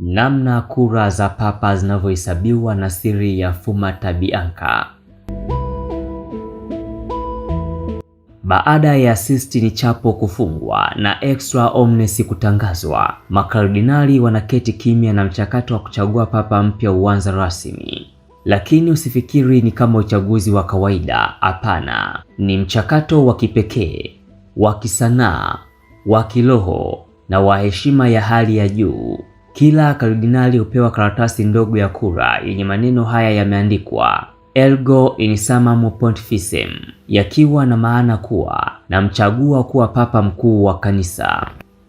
namna kura za papa zinavyohesabiwa na siri ya Fuma Tabianka. Baada ya Sistine Chapel kufungwa na Extra Omnes kutangazwa, makardinali wanaketi kimya na mchakato wa kuchagua papa mpya uanza rasmi. Lakini usifikiri ni kama uchaguzi wa kawaida. Hapana, ni mchakato wa kipekee, wa kisanaa, wa kiroho na wa heshima ya hali ya juu. Kila kardinali hupewa karatasi ndogo ya kura yenye maneno haya yameandikwa Ergo in summum pontificem, yakiwa na maana kuwa namchagua kuwa papa mkuu wa kanisa.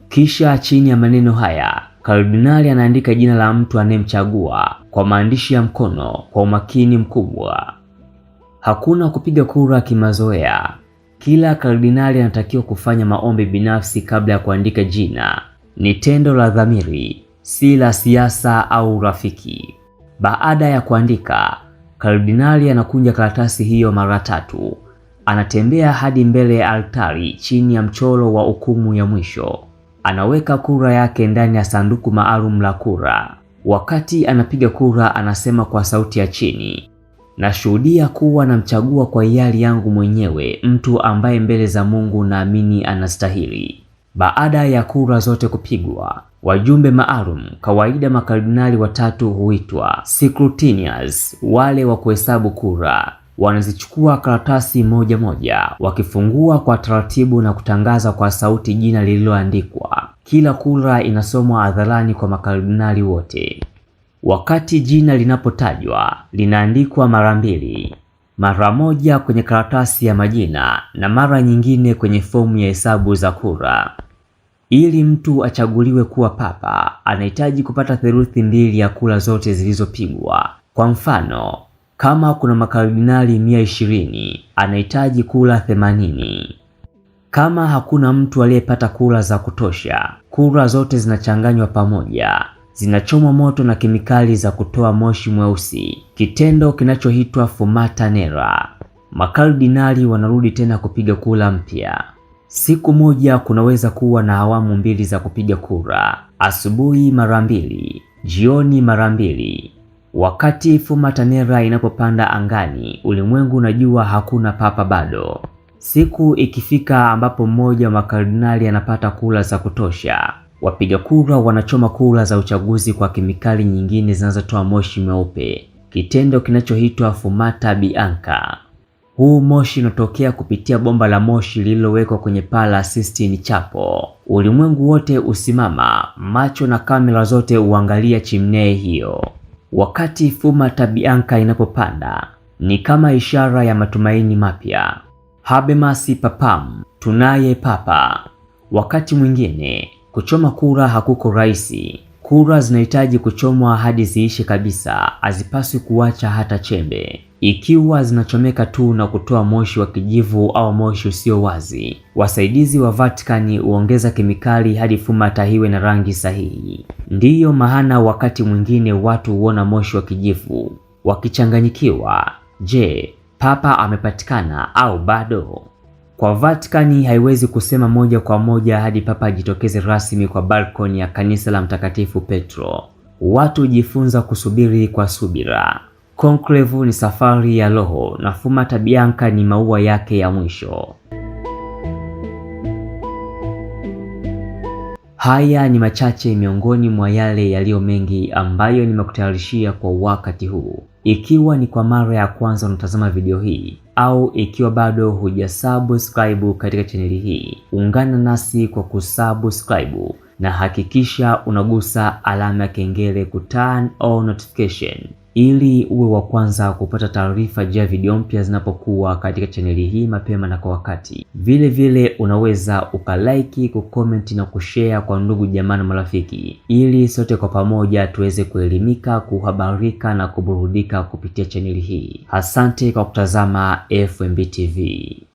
Kisha chini ya maneno haya kardinali anaandika jina la mtu anayemchagua kwa maandishi ya mkono kwa umakini mkubwa. Hakuna kupiga kura kimazoea. Kila kardinali anatakiwa kufanya maombi binafsi kabla ya kuandika jina. Ni tendo la dhamiri si la siasa au rafiki Baada ya kuandika, kardinali anakunja karatasi hiyo mara tatu, anatembea hadi mbele ya altari chini ya mchoro wa hukumu ya mwisho. Anaweka kura yake ndani ya sanduku maalum la kura. Wakati anapiga kura, anasema kwa sauti ya chini, nashuhudia kuwa namchagua kwa hiari yangu mwenyewe mtu ambaye mbele za Mungu naamini anastahili. Baada ya kura zote kupigwa, wajumbe maalum, kawaida makardinali watatu huitwa scrutineers, wale wa kuhesabu kura, wanazichukua karatasi moja moja, wakifungua kwa taratibu na kutangaza kwa sauti jina lililoandikwa. Kila kura inasomwa hadharani kwa makardinali wote. Wakati jina linapotajwa, linaandikwa mara mbili, mara moja kwenye karatasi ya majina na mara nyingine kwenye fomu ya hesabu za kura. Ili mtu achaguliwe kuwa papa, anahitaji kupata theluthi mbili ya kura zote zilizopigwa. Kwa mfano, kama kuna makardinali mia ishirini, anahitaji kura themanini. Kama hakuna mtu aliyepata kura za kutosha, kura zote zinachanganywa pamoja, zinachomwa moto na kemikali za kutoa moshi mweusi, kitendo kinachoitwa fumata nera. Makardinali wanarudi tena kupiga kura mpya. Siku moja kunaweza kuwa na awamu mbili za kupiga kura, asubuhi mara mbili, jioni mara mbili. Wakati fumatanera inapopanda angani, ulimwengu unajua hakuna papa bado. Siku ikifika ambapo mmoja wa makardinali anapata kura za kutosha, wapiga kura wanachoma kura za uchaguzi kwa kemikali nyingine zinazotoa moshi mweupe, kitendo kinachoitwa fumata bianca. Huu moshi unatokea kupitia bomba la moshi lililowekwa kwenye paa la Sistine Chapel. Ulimwengu wote usimama, macho na kamera zote huangalia chimney hiyo. Wakati Fuma Tabianka inapopanda, ni kama ishara ya matumaini mapya. Habemasi papam, tunaye papa. Wakati mwingine kuchoma kura hakuko rahisi. Kura zinahitaji kuchomwa hadi ziishe kabisa, hazipaswi kuacha hata chembe ikiwa zinachomeka tu na kutoa moshi wa kijivu au moshi usio wazi. Wasaidizi wa Vatican huongeza kemikali hadi fuma tahiwe na rangi sahihi. Ndiyo maana wakati mwingine watu huona moshi wa kijivu wakichanganyikiwa. Je, papa amepatikana au bado? Kwa Vatican haiwezi kusema moja kwa moja hadi papa ajitokeze rasmi kwa balkoni ya kanisa la Mtakatifu Petro. Watu hujifunza kusubiri kwa subira. Conclave ni safari ya roho na Fumata Bianca ni maua yake ya mwisho. Haya ni machache miongoni mwa yale yaliyo mengi ambayo nimekutayarishia kwa wakati huu. Ikiwa ni kwa mara ya kwanza unatazama video hii au ikiwa bado hujasubscribe katika chaneli hii, ungana nasi kwa kusubscribe na hakikisha unagusa alama ya kengele ku turn on notification ili uwe wa kwanza kupata taarifa juu ya video mpya zinapokuwa katika chaneli hii mapema na kwa wakati. Vile vile unaweza ukalaiki, kukomenti na kushare kwa ndugu jamaa na marafiki, ili sote kwa pamoja tuweze kuelimika, kuhabarika na kuburudika kupitia chaneli hii. Asante kwa kutazama FMB TV.